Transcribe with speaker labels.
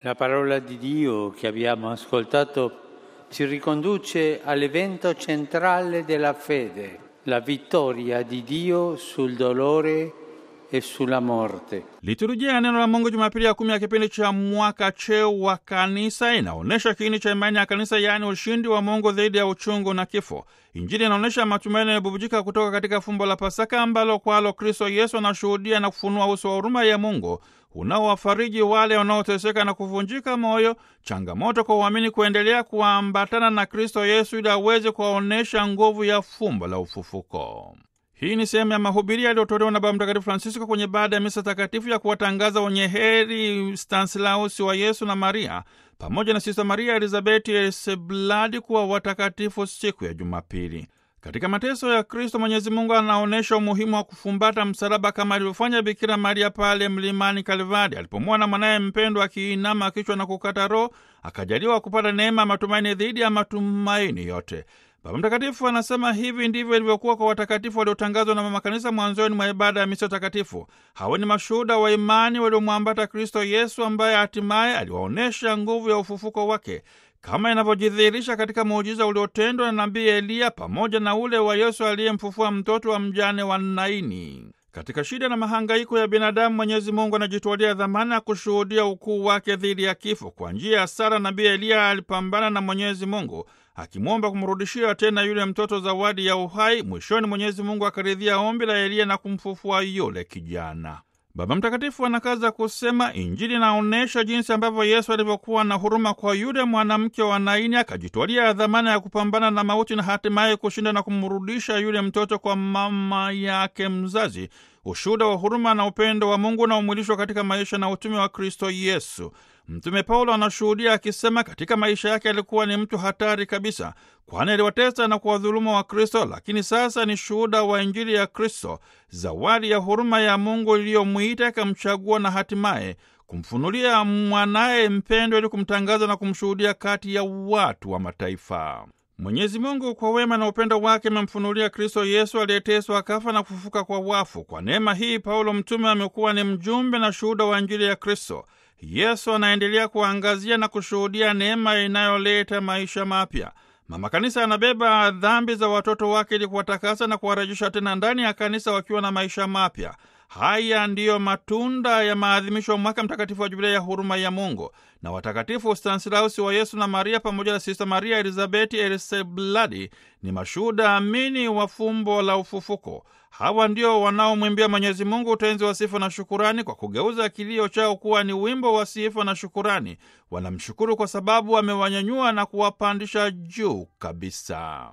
Speaker 1: La parola di Dio che abbiamo ascoltato ci riconduce all'evento centrale della fede, la vittoria di Dio sul dolore e sulla morte. Liturujia ya neno la Mungu Jumapili ya kumi ya kipindi cha mwaka cheo wa kanisa inaonyesha kiini cha imani ya kanisa, yaani ushindi wa Mungu dhidi ya uchungu na kifo. Injili inaonyesha matumaini yanayobubujika kutoka katika fumbo la Pasaka ambalo kwalo Kristo Yesu anashuhudia na kufunua uso wa huruma ya Mungu unaowafariji wale wanaoteseka na kuvunjika moyo. Changamoto kwa uamini kuendelea kuambatana na Kristo Yesu ili aweze kuwaonyesha nguvu ya fumbo la ufufuko. Hii ni sehemu ya mahubiri yaliyotolewa na Baba Mtakatifu Francisco kwenye baada ya misa takatifu ya kuwatangaza wenye heri Stanislausi wa Yesu na Maria pamoja na Sista Maria Elizabeti Elsebladi kuwa watakatifu siku ya Jumapili. Katika mateso ya Kristo, Mwenyezi Mungu anaonyesha umuhimu wa kufumbata msalaba kama alivyofanya Bikira Maria pale mlimani Kalvari alipomwona mwanaye mpendwa akiinama kichwa na kukata roho, akajaliwa kupata neema ya matumaini dhidi ya matumaini yote. Baba Mtakatifu anasema hivi ndivyo ilivyokuwa kwa watakatifu waliotangazwa na mama kanisa mwanzoni mwa ibada ya misa takatifu. Hawa ni mashuhuda wa imani waliomwambata Kristo Yesu ambaye hatimaye aliwaonyesha nguvu ya ufufuko wake kama inavyojidhihirisha katika muujiza uliotendwa na nabii Eliya pamoja na ule wa Yesu aliyemfufua mtoto wa mjane wa Naini. Katika shida na mahangaiko ya binadamu, Mwenyezi Mungu anajitwalia dhamana ya kushuhudia ukuu wake dhidi ya kifo. Kwa njia ya Sara nabii Eliya alipambana na Mwenyezi Mungu akimwomba kumrudishia tena yule mtoto zawadi ya uhai. Mwishoni Mwenyezi Mungu akaridhia ombi la Eliya na kumfufua yule kijana. Baba Mtakatifu anakaza kusema, Injili inaonyesha jinsi ambavyo Yesu alivyokuwa na huruma kwa yule mwanamke wa Naini, akajitwalia dhamana ya kupambana na mauti na hatimaye kushinda na kumrudisha yule mtoto kwa mama yake mzazi. Ushuhuda wa huruma na upendo wa Mungu unaomwilishwa katika maisha na utume wa Kristo Yesu. Mtume Paulo anashuhudia akisema katika maisha yake alikuwa ni mtu hatari kabisa, kwani aliwatesa na kuwadhuluma wa Kristo, lakini sasa ni shuhuda wa Injili ya Kristo, zawadi ya huruma ya Mungu iliyomwita ikamchagua na hatimaye kumfunulia mwanaye mpendwa ili kumtangaza na kumshuhudia kati ya watu wa mataifa. Mwenyezi Mungu kwa wema na upendo wake amemfunulia Kristo Yesu aliyeteswa akafa na kufufuka kwa wafu. Kwa neema hii Paulo mtume amekuwa ni mjumbe na shuhuda wa Injili ya Kristo. Yesu anaendelea kuangazia na kushuhudia neema inayoleta maisha mapya. Mama Kanisa anabeba dhambi za watoto wake ili kuwatakasa na kuwarejesha tena ndani ya kanisa wakiwa na maisha mapya. Haya ndiyo matunda ya maadhimisho ya mwaka mtakatifu wa Jubilei ya huruma ya Mungu. Na watakatifu Stanislausi wa Yesu na Maria pamoja na sista Maria Elizabeti Elsebladi ni mashuhuda amini wa fumbo la ufufuko. Hawa ndio wanaomwimbia Mwenyezi Mungu utenzi wa sifa na shukurani kwa kugeuza kilio chao kuwa ni wimbo wa sifa na shukurani. Wanamshukuru kwa sababu amewanyanyua na kuwapandisha juu kabisa.